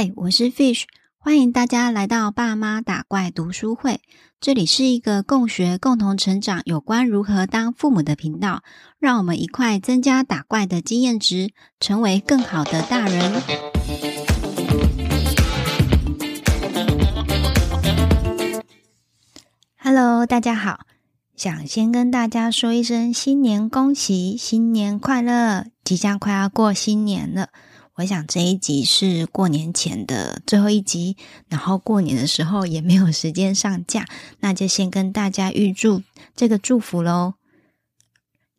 嗨，我是 Fish，歡迎大家來到爸媽打怪讀書會。這裡是一個共學、共同成長，有關如何當父母的頻道，讓我們一塊增加打怪的經驗值，成為更好的大人。Hello，大家好，想先跟大家說一聲新年恭喜，新年快樂！即將快要過新年了。我想這一集是過年前的最後一集，然後過年的時候也沒有時間上架，那就先跟大家預祝這個祝福嘍。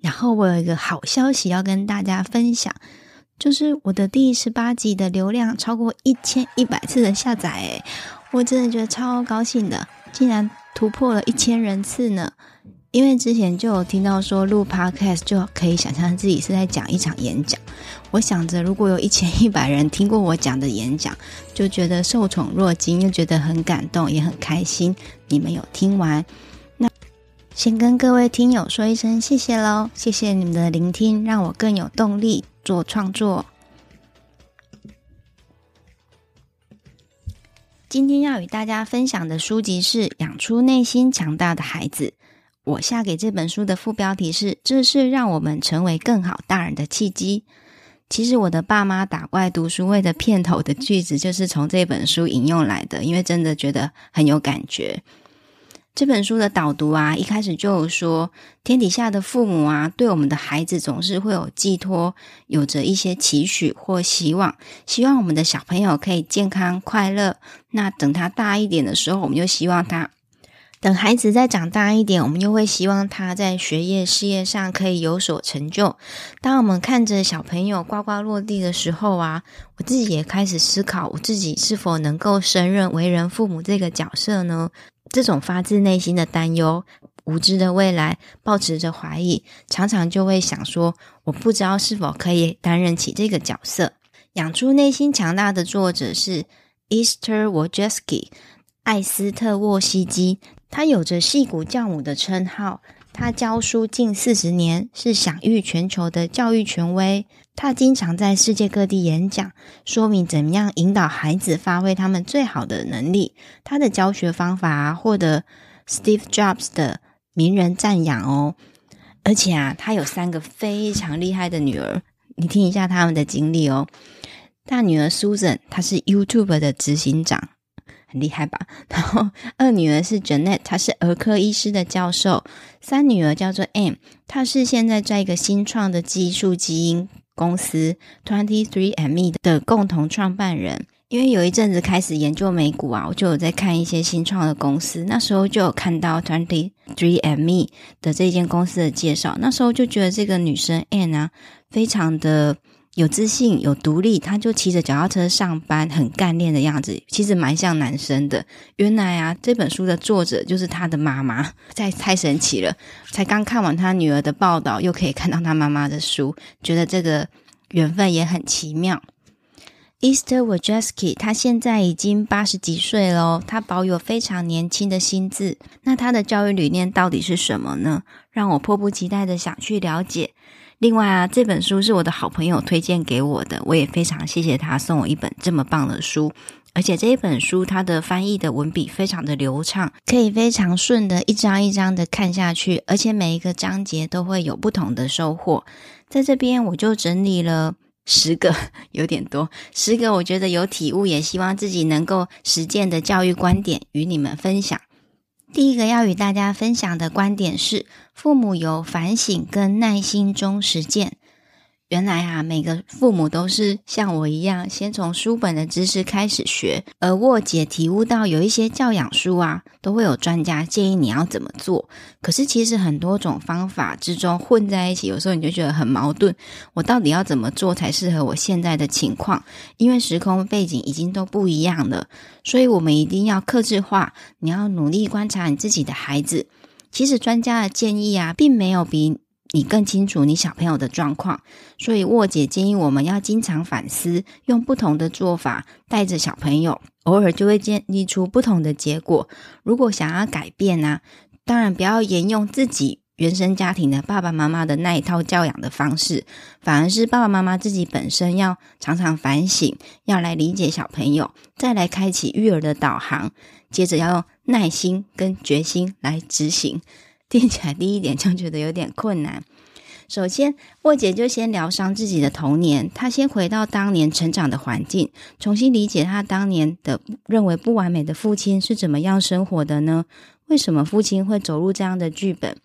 然後我有一個好消息要跟大家分享，就是我的第十八集的流量超過一千一百次的下載，欸，我真的覺得超高興的，竟然突破了一千人次呢！因為之前就有聽到說錄 podcast 就可以想象自己是在講一場演講。我想着如果有一千一百人聽過我講的演講，就覺得受寵若驚，又覺得很感動，也很開心你們有聽完。那先跟各位聽友說一聲謝謝嘍，謝謝你們的聆聽，讓我更有動力做創作。今天要與大家分享的書籍是《養出內心強大的孩子》。我下給這本書的副標題是：“這是讓我們成為更好大人的契機。”其實我的爸媽打怪讀書會的片頭的句子就是從這本書引用來的，因為真的覺得很有感覺。這本書的導讀啊，一開始就說：“天底下的父母啊，對我們的孩子總是會有寄托，有着一些期許或希望，希望我們的小朋友可以健康快樂。那等他大一點的時候，我們就希望他。”等孩子再長大一點，我們又會希望他在學業、事業上可以有所成就。當我們看着小朋友呱呱落地的時候啊，我自己也開始思考，我自己是否能夠勝任為人父母這個角色呢？這種發自內心的擔憂、無知的未來，抱持着懷疑，常常就會想說：我不知道是否可以擔任起這個角色。養出內心強大的作者是 Esther Wojcicki 艾絲特沃西基。他有着“矽谷教母”的稱號，他教書近四十年，是享譽全球的教育權威。他經常在世界各地演講，說明怎樣引導孩子發揮他們最好的能力。他的教學方法獲得 Steve Jobs 的名人讚揚哦。而且啊，他有三個非常厲害的女兒，你聽一下他們的經歷哦。大女兒 Susan，她是 YouTube 的執行長。很厲害吧？然後二女兒是 Janet，她是兒科醫師的教授。三女兒叫做 Anne，她是現在在一個新創的技術基因公司 23andMe 的共同創辦人。因為有一陣子開始研究美股啊，我就有在看一些新創的公司，那時候就有看到 23andMe 的這間公司的介紹，那時候就覺得這個女生 Anne 啊，非常的。有自信、有獨立，他就騎着腳踏車上班，很幹練的樣子，其實蠻像男生的。原來啊，這本書的作者就是他的媽媽，太太神奇了！才剛看完他女兒的報道，又可以看到他媽媽的書，覺得這個緣分也很奇妙。Esther Wojcicki，他現在已經八十幾歲嘍，他保有非常年輕的心智。那他的教育理念到底是什麼呢？讓我迫不及待的想去了解。另外啊，這本書是我的好朋友推薦給我的，我也非常謝謝他送我一本這麼棒的書。而且這一本書，它的翻譯的文筆非常的流暢，可以非常順的一章一章的看下去，而且每一個章節都會有不同的收穫。在這邊，我就整理了十個，有點多，十個我覺得有體悟，也希望自己能夠實踐的教育觀點與你們分享。第一個要與大家分享的觀點是，父母由反省跟耐心中實踐。原來啊，每個父母都是像我一樣，先從書本的知識開始學，而沃姐體悟到，有一些教養書啊，都會有專家建議你要怎麼做。可是其實很多種方法之中混在一起，有時候你就覺得很矛盾。我到底要怎麼做才適合我現在的情況？因為時空背景已經都不一樣了，所以我們一定要客製化。你要努力觀察你自己的孩子。其實專家的建議啊，並沒有比你更清楚你小朋友的狀況，所以沃姐建議我們要經常反思，用不同的做法帶着小朋友，偶爾就會建立出不同的結果。如果想要改變呢，啊，當然不要沿用自己原生家庭的爸爸媽媽的那一套教養的方式，反而是爸爸媽媽自己本身要常常反省，要來理解小朋友，再來開啟育兒的導航，接着要用耐心跟決心來執行。聽起來第一點，就覺得有點困難。首先，沃姐就先療傷自己的童年，她先回到當年成長的環境，重新理解她當年的認為不完美的父親是怎麼樣生活的呢？為什麼父親會走入這樣的劇本？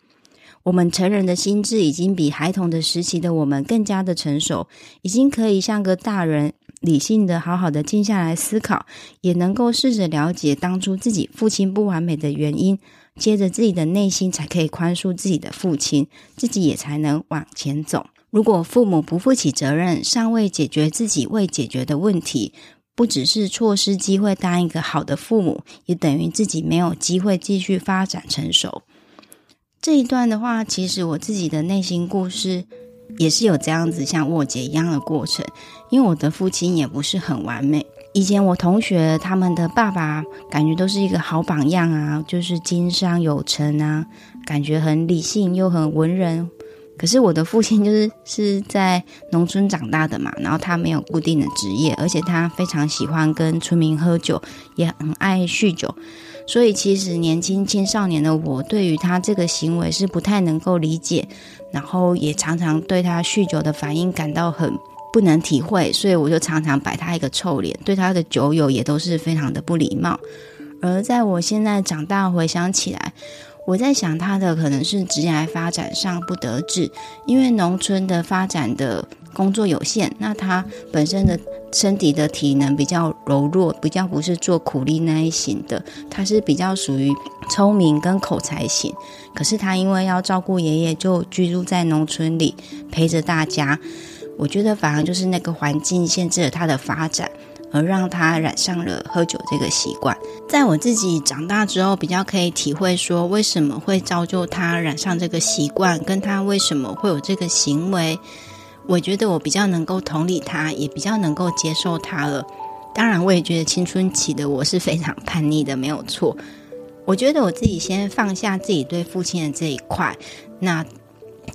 我們成人的心智已經比孩童的時期的我們更加的成熟，已經可以像個大人，理性的好好的靜下來思考，也能夠試着了解當初自己父親不完美的原因。接着自己的內心才可以寬恕自己的父親，自己也才能往前走。如果父母不負起責任，尚未解決自己未解決的問題，不只是錯失機會當一個好的父母，也等於自己沒有機會繼續發展成熟。這一段的話，其實我自己的內心故事也是有這樣子像沃姐一樣的過程，因為我的父親也不是很完美。以前我同學他們的爸爸感覺都是一個好榜樣啊，就是經商有成啊，感覺很理性又很文人。可是我的父親就是是在農村長大的嘛，然後他沒有固定的職業，而且他非常喜歡跟村民喝酒，也很愛酗酒。所以其實年輕青少年的我對於他這個行為是不太能夠理解，然後也常常對他酗酒的反應感到很。不能體會，所以我就常常擺他一個臭臉，對他的酒友也都是非常的不禮貌。而在我現在長大回想起來，我在想他的可能是職業發展上不得志，因為農村的發展的工作有限。那他本身的身體的體能比較柔弱，比較不是做苦力那一型的，他是比較屬於聰明跟口才型。可是他因為要照顧爺爺，就居住在農村裡，陪着大家。我覺得反而就是那個環境限制了他的發展，而讓他染上了喝酒這個習慣。在我自己長大之後，比較可以體會說為什麼會造就他染上這個習慣，跟他為什麼會有這個行為。我覺得我比較能夠同理他，也比較能夠接受他了。當然，我也覺得青春期的我是非常叛逆的，沒有錯。我覺得我自己先放下自己對父親的這一塊，那。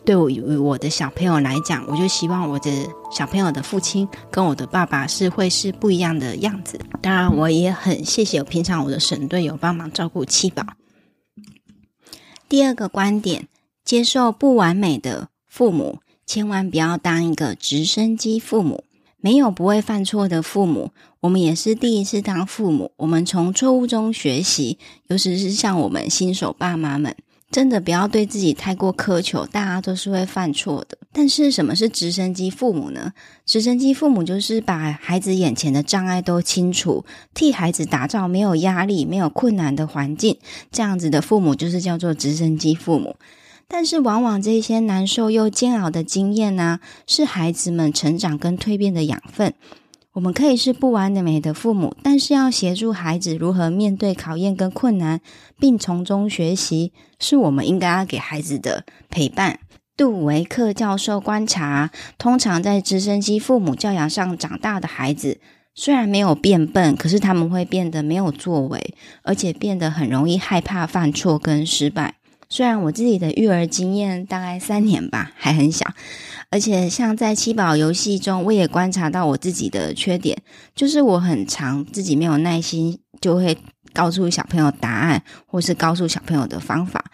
對於我的小朋友來講，我就希望我的小朋友的父親跟我的爸爸是會是不一樣的樣子。當然，我也很謝謝平常我的省隊友幫忙照顧七寶。第二個觀點：接受不完美的父母，千萬不要當一個直升機父母。沒有不會犯錯的父母，我們也是第一次當父母，我們從錯誤中學習，尤其是像我們新手爸媽們。真的不要對自己太過苛求，大家都是會犯錯的。但是什麼是直升機父母呢？直升機父母就是把孩子眼前的障礙都清除，替孩子打造沒有壓力、沒有困難的環境。這樣子的父母就是叫做直升機父母。但是往往這些難受又煎熬的經驗呢、啊，是孩子們成長跟蛻變的養分。我們可以是不完美的父母，但是要協助孩子如何面對考驗跟困難，並從中學習，是我們應該要給孩子的陪伴。杜維克教授觀察，通常在直升機父母教養上長大的孩子，雖然沒有變笨，可是他們會變得沒有作為，而且變得很容易害怕犯錯跟失敗。雖然我自己的育兒經驗大概三年吧，還很小，而且像在七寶遊戲中，我也觀察到我自己的缺點，就是我很常自己沒有耐心，就會告訴小朋友答案，或是告訴小朋友的方法，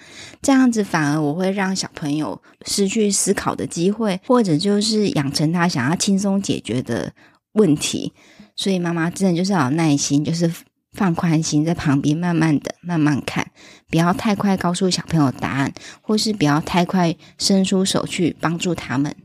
這樣子反而我會讓小朋友失去思考的機會，或者就是養成他想要輕鬆解決的問題。所以媽媽真的就是要有耐心，就是。放寬心，在旁邊慢慢的、慢慢看，不要太快告訴小朋友答案，或是不要太快伸出手去幫助他們。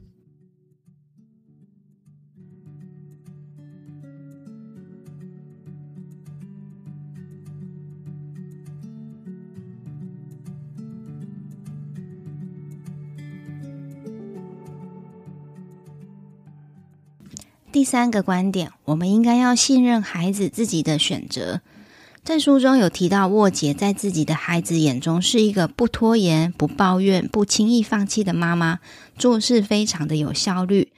第三個觀點，我們應該要信任孩子自己的選擇。在書中有提到，沃杰在自己的孩子眼中是一個不拖延、不抱怨、不輕易放棄的媽媽，做事非常的有效率。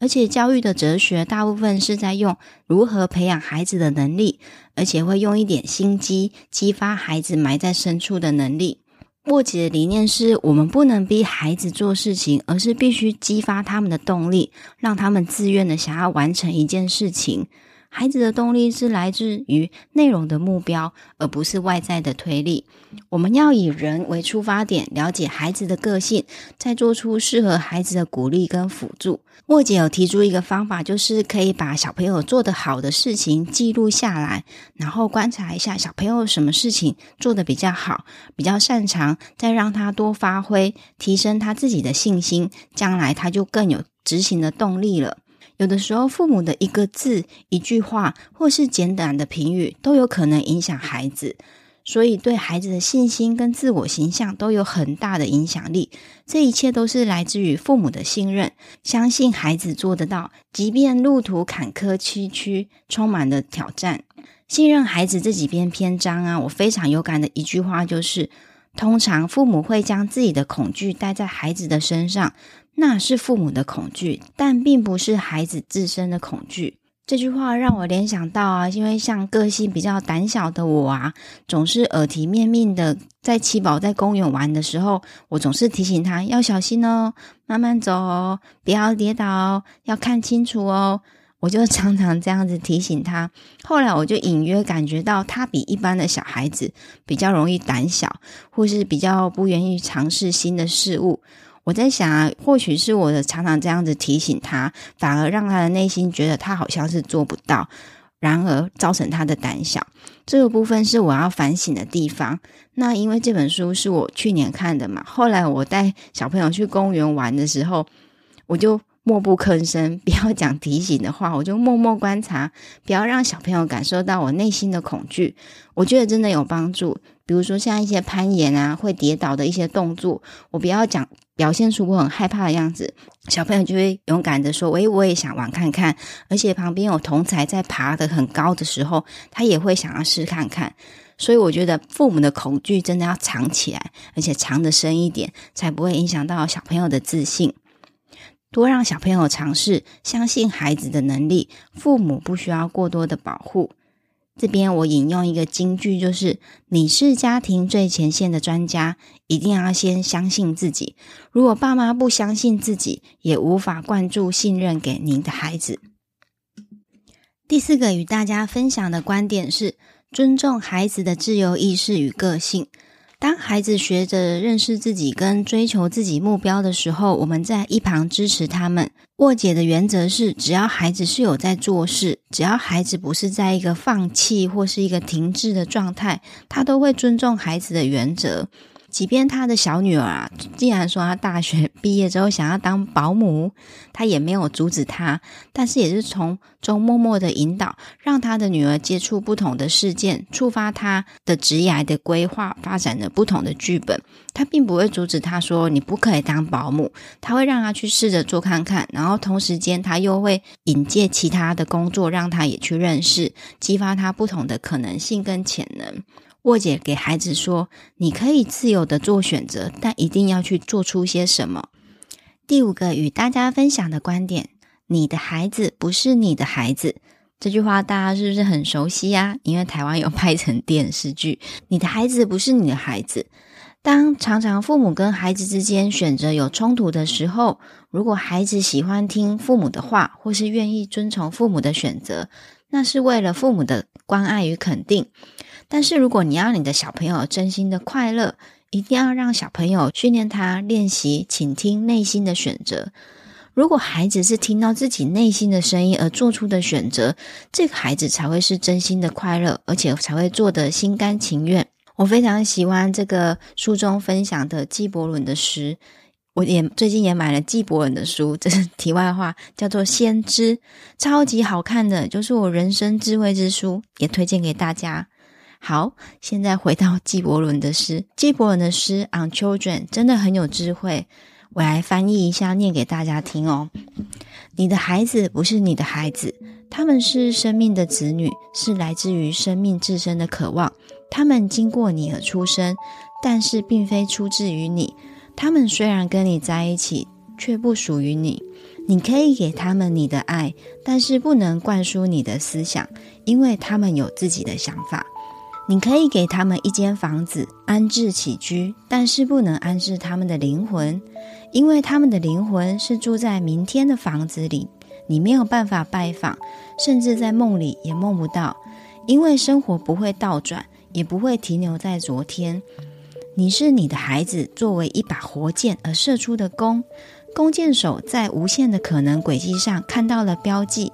而且教育的哲學大部分是在用如何培養孩子的能力，而且會用一點心機激發孩子埋在深處的能力。沃奇的理念是我們不能逼孩子做事情，而是必須激發他們的動力，讓他們自願的想要完成一件事情。孩子的動力是來自於內容的目標，而不是外在的推力。我們要以人為出發點，了解孩子的個性，再做出適合孩子的鼓勵跟輔助。莫姐有提出一個方法，就是可以把小朋友做得好的事情記錄下來，然後觀察一下小朋友什麼事情做得比較好、比較擅長，再讓他多發揮，提升他自己的信心，將來他就更有執行的動力了。有的時候，父母的一個字、一句話，或是簡短的評語，都有可能影響孩子。所以，對孩子的信心跟自我形象都有很大的影響力。這一切都是來自於父母的信任，相信孩子做得到，即便路途坎坷崎嶇，充滿了挑戰。信任孩子這幾篇篇章啊，我非常有感的一句話就是：通常父母會將自己的恐懼帶在孩子的身上。那是父母的恐懼，但並不是孩子自身的恐懼。這句話讓我聯想到啊，因為像個性比較膽小的我啊，總是耳提面命的在七寶在公園玩的時候，我總是提醒他要小心哦，慢慢走哦，不要跌倒哦，要看清楚哦。我就常常這樣子提醒他。後來我就隱約感覺到他比一般的小孩子比較容易膽小，或是比較不願意嘗試新的事物。我在想啊，或許是我的常常這樣子提醒他，反而讓他的內心覺得他好像是做不到，然而造成他的膽小。這個部分是我要反省的地方。那因為這本書是我去年看的嘛，後來我帶小朋友去公園玩的時候，我就默不吭聲，不要講提醒的話，我就默默觀察，不要讓小朋友感受到我內心的恐懼。我覺得真的有幫助。比如說像一些攀岩啊，會跌倒的一些動作，我不要講。表現出我很害怕的樣子，小朋友就會勇敢的說：“喂，我也想玩看看。”而且旁邊有同儕在爬得很高的時候，他也會想要試看看。所以我覺得父母的恐懼真的要藏起來，而且藏得深一點，才不會影響到小朋友的自信。多讓小朋友嘗試，相信孩子的能力，父母不需要過多的保護。這邊我引用一個金句，就是“你是家庭最前線的專家，一定要先相信自己。如果爸媽不相信自己，也無法灌注信任給您的孩子。”第四個與大家分享的觀點是尊重孩子的自由意識與個性。當孩子學着認識自己跟追求自己目標的時候，我們在一旁支持他們。沃姐的原則是：只要孩子是有在做事，只要孩子不是在一個放棄或是一個停滯的狀態，他都會尊重孩子的原則。即便他的小女兒啊，既然說他大學畢業之後想要當保姆，他也沒有阻止他，但是也是從中默默的引導，讓他的女兒接觸不同的事件，觸發他的職業的規劃，發展了不同的劇本。他並不會阻止他說，你不可以當保姆，他會讓他去試着做看看，然後同時間他又會引介其他的工作，讓他也去認識，激發他不同的可能性跟潛能。沃姐給孩子說：“你可以自由的做選擇，但一定要去做出些什麼。”第五個與大家分享的觀點：“你的孩子不是你的孩子。”這句話大家是不是很熟悉呀？因為台灣有拍成電視劇。“你的孩子不是你的孩子。”當常常父母跟孩子之間選擇有衝突的時候，如果孩子喜歡聽父母的話，或是願意遵從父母的選擇，那是為了父母的關愛與肯定。但是，如果你要你的小朋友真心的快樂，一定要讓小朋友訓練他練習傾聽內心的選擇。如果孩子是聽到自己內心的聲音而做出的選擇，這個孩子才會是真心的快樂，而且才會做得心甘情願。我非常喜歡這個書中分享的紀伯倫的詩，我也最近也買了紀伯倫的書，這是題外話，叫做《先知》，超級好看的，就是我人生智慧之書，也推薦給大家。好，現在回到紀伯倫的詩，《紀伯倫的詩 On Children》真的很有智慧。我來翻譯一下，念給大家聽哦。你的孩子不是你的孩子，他們是生命的子女，是來自於生命自身的渴望。他們經過你而出生，但是並非出自於你。他們雖然跟你在一起，卻不屬於你。你可以給他們你的愛，但是不能灌輸你的思想，因為他們有自己的想法。你可以給他們一間房子安置起居，但是不能安置他們的靈魂，因為他們的靈魂是住在明天的房子裡，你沒有辦法拜訪，甚至在夢裡也夢不到，因為生活不會倒轉，也不會停留在昨天。你是你的孩子作為一把活箭而射出的弓，弓箭手在無限的可能軌跡上看到了標記，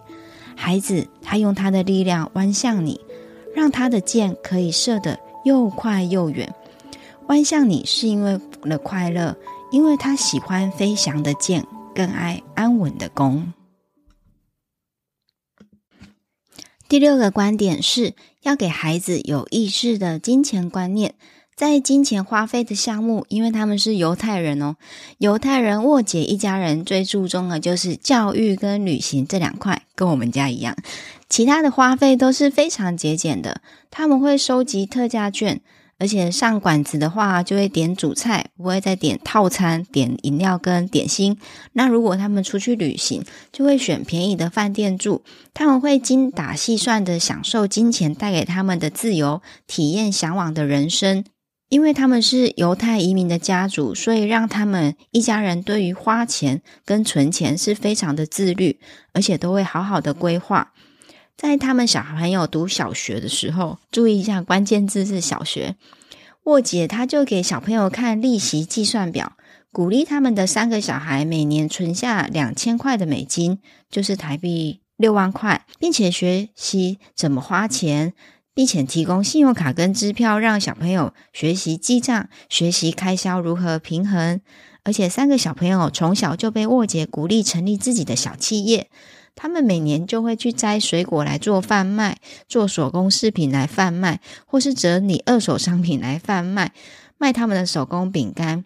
孩子他用他的力量彎向你。讓他的箭可以射得又快又遠，彎向你是因為了快樂，因為他喜歡飛翔的箭，更愛安穩的弓。第六個觀點是要給孩子有意識的金錢觀念。在金錢花費的項目，因為他們是猶太人哦，猶太人沃姐一家人最注重的，就是教育跟旅行這兩塊，跟我們家一樣，其他的花費都是非常節儉的。他們會收集特價券，而且上館子的話，就會點主菜，不會再點套餐、點飲料跟點心。那如果他們出去旅行，就會選便宜的飯店住。他們會精打細算的享受金錢帶給他們的自由，體驗嚮往的人生。因為他們是猶太移民的家族，所以讓他們一家人對於花錢跟存錢是非常的自律，而且都會好好的規劃。在他們小朋友讀小學的時候，注意一下關鍵字是小學。沃姐她就給小朋友看利息計算表，鼓勵他們的三個小孩每年存下兩千塊的美金，就是台幣六萬塊，並且學習怎麼花錢。並且提供信用卡跟支票，讓小朋友學習記賬，學習開銷如何平衡。而且三個小朋友從小就被沃姐鼓勵成立自己的小企業，他們每年就會去摘水果來做販賣，做手工飾品來販賣，或是整理二手商品來販賣，賣他們的手工餅乾。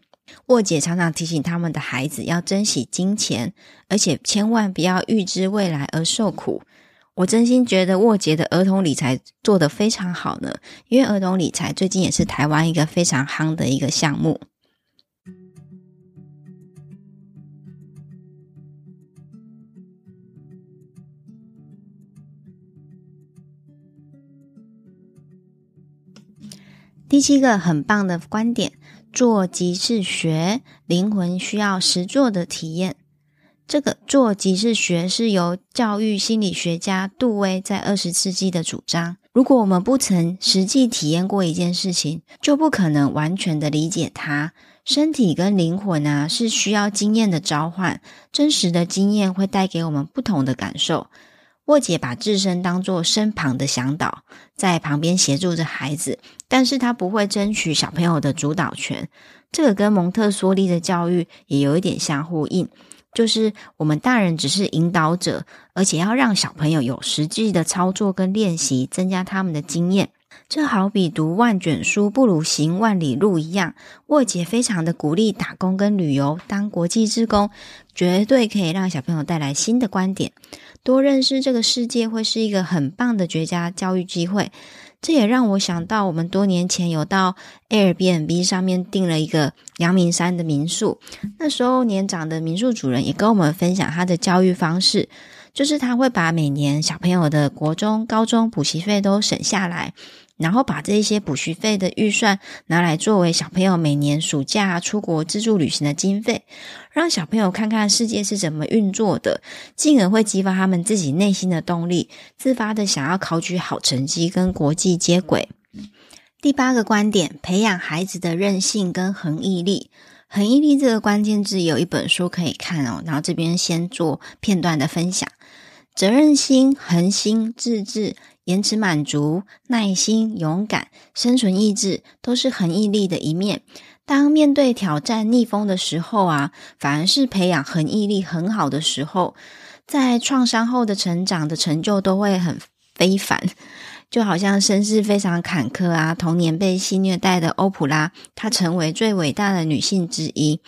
沃姐常常提醒他們的孩子要珍惜金錢，而且千萬不要預知未來而受苦。我真心覺得沃傑的兒童理財做得非常好呢，因為兒童理財最近也是台灣一個非常夯的一個項目。第七個很棒的觀點：做即是學，靈魂需要實作的體驗。這個做即是學，是由教育心理學家杜威在二十世紀的主張。如果我們不曾實際體驗過一件事情，就不可能完全的理解它。身體跟靈魂啊，是需要經驗的召喚。真實的經驗會帶給我們不同的感受。沃姐把自身當做身旁的向導，在旁邊協助着孩子，但是她不會爭取小朋友的主導權。這個跟蒙特梭利的教育也有一點相呼應。就是我們大人只是引導者，而且要讓小朋友有實際的操作跟練習，增加他們的經驗。這好比讀萬卷書不如行萬里路一樣。沃姐非常的鼓勵打工跟旅遊，當國際志工絕對可以讓小朋友帶來新的觀點，多認識這個世界，會是一個很棒的絕佳教育機會。這也讓我想到，我們多年前有到 Airbnb 上面訂了一個陽明山的民宿，那時候年長的民宿主人也跟我們分享他的教育方式，就是他會把每年小朋友的國中、高中補習費都省下來。然後把這些補習費的預算拿來作為小朋友每年暑假出國自助旅行的經費，讓小朋友看看世界是怎麼運作的，進而會激發他們自己內心的動力，自發的想要考取好成績跟國際接軌。第八個觀點，培養孩子的韌性跟恆毅力。恆毅力這個關鍵字有一本書可以看哦，然後這邊先做片段的分享：責任心、恆心、自制。延遲滿足、耐心、勇敢、生存意志，都是恆毅力的一面。當面對挑戰、逆風的時候啊，反而是培養恆毅力很好的時候，在創傷後的成長的成就都會很非凡。就好像身世非常坎坷啊，童年被性虐待的歐普拉，她成為最偉大的女性之一。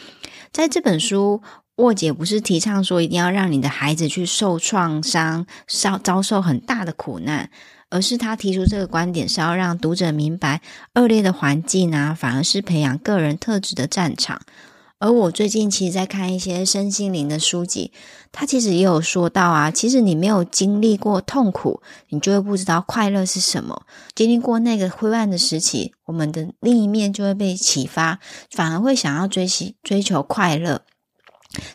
在這本書。沃姐不是提倡說一定要讓你的孩子去受創傷、受遭受很大的苦難，而是她提出這個觀點是要讓讀者明白惡劣的環境啊，反而是培養個人特質的戰場。而我最近其實在看一些身心靈的書籍，她其實也有說到啊，其實你沒有經歷過痛苦，你就會不知道快樂是什麼。經歷過那個灰暗的時期，我們的另一面就會被啟發，反而會想要追尋追求快樂。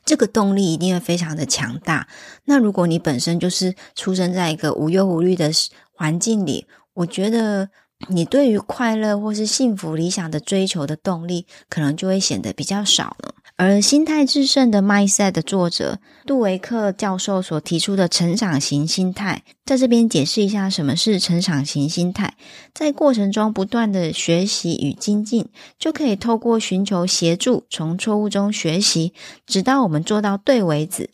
這個動力一定會非常的強大，那如果你本身就是出生在一個無憂無慮的環境裡，我覺得你對於快樂或是幸福理想的追求的動力，可能就會顯得比較少了。而心態致勝的 Mindset 的作者杜維克教授所提出的成長型心態，在這邊解釋一下什麼是成長型心態，在過程中不斷的學習與精進，就可以透過尋求協助，從錯誤中學習，直到我們做到對為止。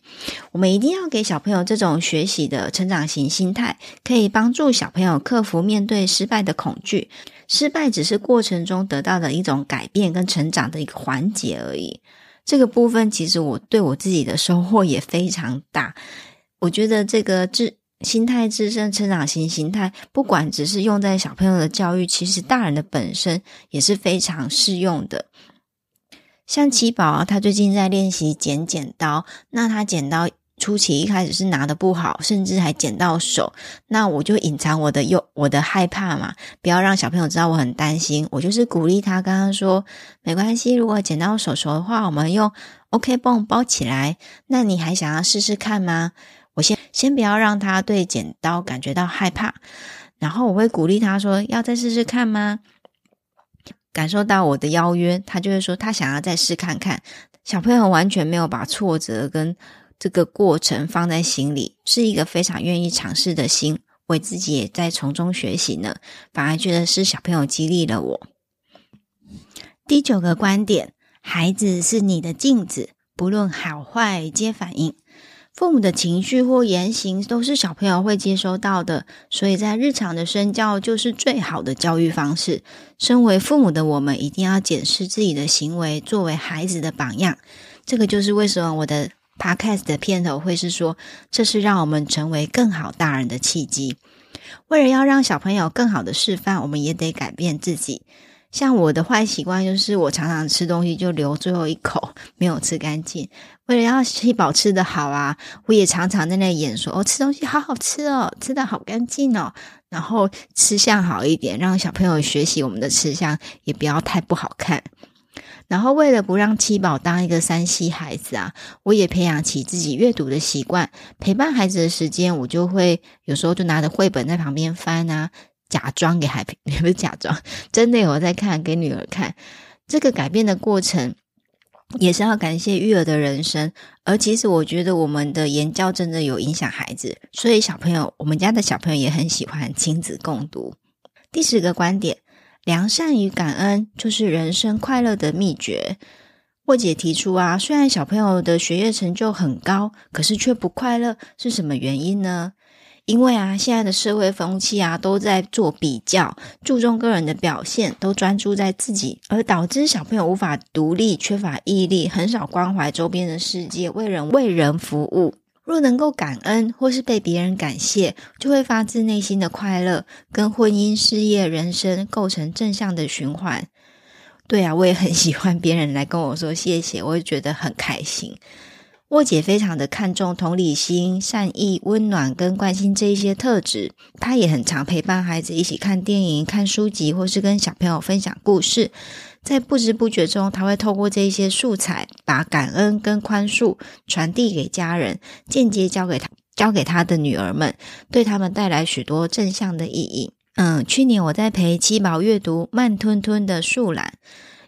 我們一定要給小朋友這種學習的成長型心態，可以幫助小朋友克服面對失敗的恐懼。失敗只是過程中得到的一種改變跟成長的一個環節而已。這個部分其實我對我自己的收穫也非常大。我覺得這個心態自身，成長型心態，不管只是用在小朋友的教育，其實大人的本身也是非常適用的。像七寶啊，他最近在練習剪剪刀。那他剪刀初期一開始是拿得不好，甚至還剪到手，那我就隱藏我的憂、我的害怕嘛，不要讓小朋友知道我很擔心，我就是鼓勵他，剛剛說沒關係，如果剪到手手的話，我們用 OK 繃包起來。那你還想要試試看嗎？我先先不要讓他對剪刀感覺到害怕，然後我會鼓勵他說：“要再試試看嗎？”感受到我的邀約，他就會說他想要再試看看。小朋友完全沒有把挫折跟這個過程放在心裡，是一個非常願意嘗試的心。我自己也在從中學習呢，反而覺得是小朋友激勵了我。第九個觀點：孩子是你的鏡子，不論好壞皆反映。父母的情緒或言行都是小朋友會接收到的，所以在日常的身教就是最好的教育方式。身為父母的我們一定要檢視自己的行為，作為孩子的榜樣。這個就是為什麼我的 podcast 的片頭會是說，這是讓我們成為更好大人的契機。為了要讓小朋友更好的示範，我們也得改變自己。像我的壞習慣就是，我常常吃東西就留最後一口，沒有吃乾淨。為了要七寶吃得好啊，我也常常在那演說哦，吃東西好好吃哦，吃得好乾淨哦，然後吃相好一點，讓小朋友學習我們的吃相，也不要太不好看。然後為了不讓七寶當一個 3C 孩子啊，我也培養起自己閱讀的習慣。陪伴孩子的時間，我就會有時候就拿着繪本在旁邊翻啊。假裝給海平，也不是假裝，真的有在看給女兒看。這個改變的過程也是要感謝育兒的人生。而其實我覺得我們的言教真的有影響孩子，所以小朋友，我們家的小朋友也很喜歡親子共讀。第十個觀點，良善與感恩就是人生快樂的秘訣。沃姐提出啊，雖然小朋友的學業成就很高，可是卻不快樂，是什麼原因呢？因為啊，現在的社會風氣啊，都在做比較，注重個人的表現，都專注在自己，而導致小朋友無法獨立，缺乏毅力，很少關懷周邊的世界，為人為人服務。若能夠感恩，或是被別人感謝，就會發自內心的快樂，跟婚姻、事業、人生構成正向的循環。對啊，我也很喜歡別人來跟我說謝謝，我也覺得很開心。沃姐非常的看重同理心、善意、溫暖跟關心這一些特質，她也很常陪伴孩子一起看電影、看書籍，或是跟小朋友分享故事。在不知不覺中，她會透過這一些素材，把感恩跟寬恕傳遞給家人，間接交給她、交給她的女兒們，對他們帶來許多正向的意義。嗯，去年我在陪七寶閱讀，慢吞吞的樹懶。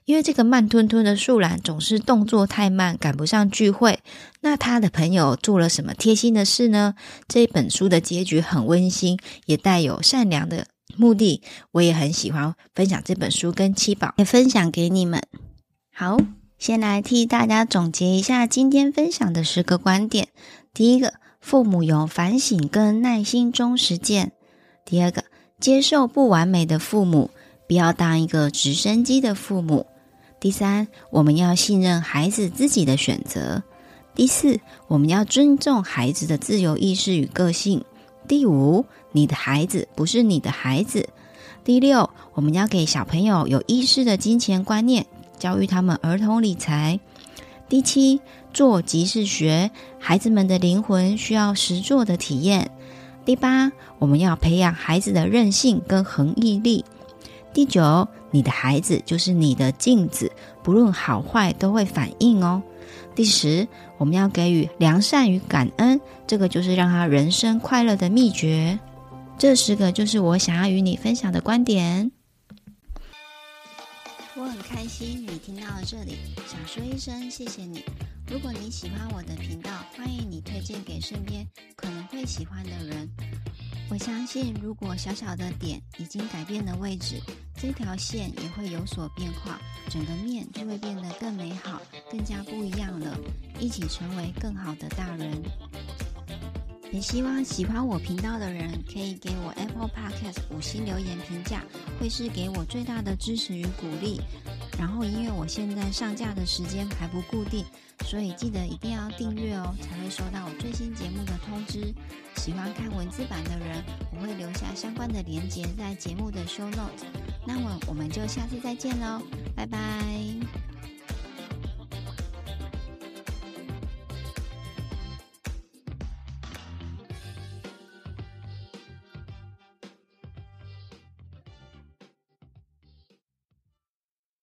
因為這個慢吞吞的樹懶總是動作太慢，趕不上聚會。那他的朋友做了什麼貼心的事呢？這本書的結局很溫馨，也帶有善良的目的。我也很喜歡分享這本書，跟七寶也分享給你們。好，先來替大家總結一下今天分享的十個觀點：第一個，父母由反省跟耐心中實踐；第二個，接受不完美的父母，不要當一個直升機的父母。第三，我們要信任孩子自己的選擇。第四，我們要尊重孩子的自由意識與個性。第五，你的孩子不是你的孩子。第六，我們要給小朋友有意識的金錢觀念，教育他們兒童理財。第七，做即是學，孩子們的靈魂需要實作的體驗。第八，我們要培養孩子的韌性跟恆毅力。第九。你的孩子就是你的鏡子，不論好壞都會反映哦。第十，我們要給予良善與感恩，這個就是讓他人生快樂的秘訣。這十個就是我想要與你分享的觀點。我很開心你聽到了這裡，想說一聲謝謝你。如果你喜歡我的頻道，歡迎你推薦給身邊可能會喜歡的人。我相信，如果小小的點已經改變了位置。這條線也會有所變化，整個面就會變得更美好，更加不一樣了。一起成為更好的大人。也希望喜歡我頻道的人可以給我 Apple Podcast 五星留言評價，會是給我最大的支持與鼓勵。然後，因為我現在上架的時間還不固定，所以記得一定要訂閱哦，才會收到我最新節目的通知。喜歡看文字版的人，我會留下相關的連接在節目的 Show Note。那麼我們就下次再見嘍，拜拜。